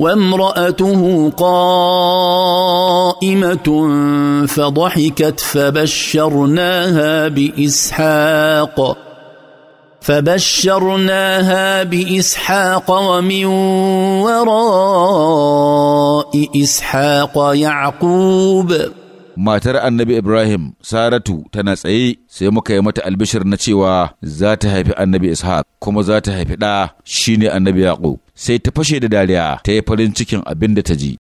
وامراته قائمه فضحكت فبشرناها باسحاق فبشرناها باسحاق ومن وراء اسحاق يعقوب matar annabi Ibrahim Saratu tana tsaye sai muka yi mata albishir na cewa za ta haifi annabi Ishaq kuma za ta haifi ɗa shine annabi Yaqub sai ta fashe da dariya ta yi farin cikin abin da ta ji.